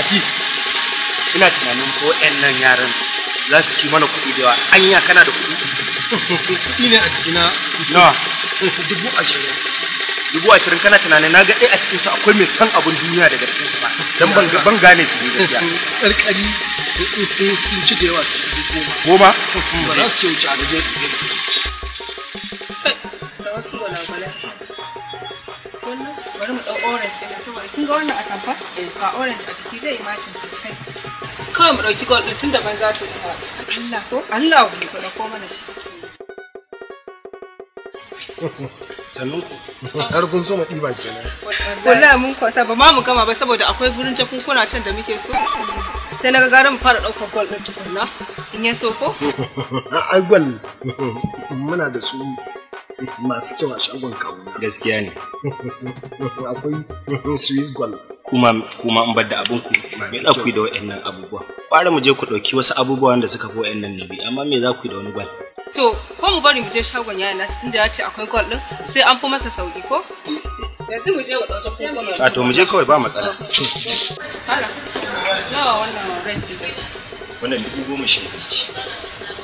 Hafi, ina tunanin ko ‘yan nan yaran za su ci mana kuɗi da Anya kana da kuɗi? Kuɗi ne a cikina. Nawa? Dubu ashirin. Dubu ashirin kana tunanin na ga ɗaya a cikinsu akwai mai san abin duniya daga cikinsu ba. Don ban gane su ne gaskiya. Ƙarƙari sun ci da yawa su ci goma. Goma? Ba za su ce wuce a gaje. Kai, ga wasu gwalagwalansa. kullum bari mu ɗau orange ɗin saboda kin ga wannan atamfa orange a jiki zai yi macin sosai kawai mu ɗauki gold tun da ban za ta Allah ko Allah ku mana shi har kun so kenan wallahi mun kwasa ba ma mu gama ba saboda akwai gurin jakunkuna can da muke so sai na ga garin fara ɗaukar gol ɗin tukunna in ya so ko ai muna da su masu kyau a shagon kawuna gaskiya ne akwai swiss gold kuma kuma in da abun ku me za ku yi da waɗannan abubuwan fara mu je ku dauki wasu abubuwan da suka fi waɗannan nabi amma me za ku yi da wani gwal to ko mu bari mu je shagon yaya na tunda ya ce akwai gwal din sai an fi masa sauki ko yanzu mu je wa dauki kuma a to mu je kawai ba matsala fara nawa wannan ranki wannan dubu goma shi ne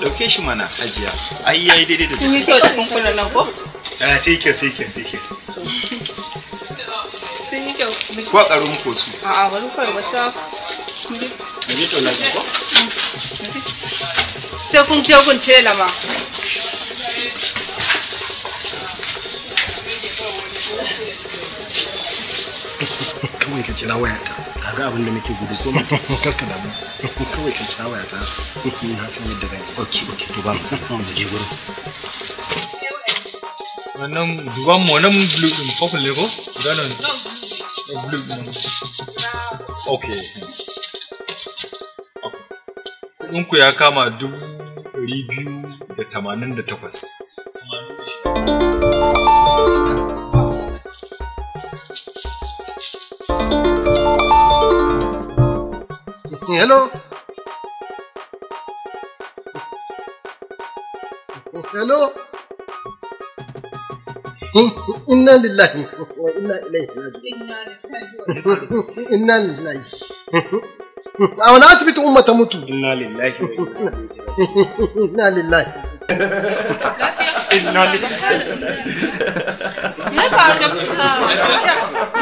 dauke shi mana ajiya. ai yayi daidai da jiki ni kyau da kunkunan nan ko eh sai ke sai ke sai ke ko karo muku su a a bari kawai ba sa ni to na ko mm. sai kun je kun tela ma kawai ka kira wayata ga abin da muke gudu ko karka da mu kawai ka tsaya ta na san yadda zan yi okay okay to ba mu je gurin wannan duban mu wannan blue din purple ne ko ganin blue din okay kuɗin ku ya kama dubu ɗari biyu da tamanin da takwas Hello? Hello? Inna lillahi wa inna ilaihi raji'un. Inna lillahi. A wani asibiti umma ta mutu? Inna lillahi wa inna lillahi. Inna lillahi.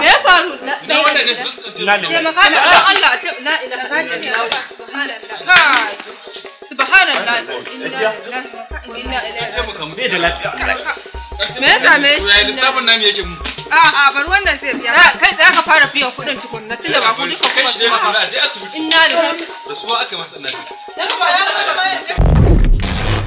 Me faru? subhanallah a wannan zai biya kai fara kuɗin ba aka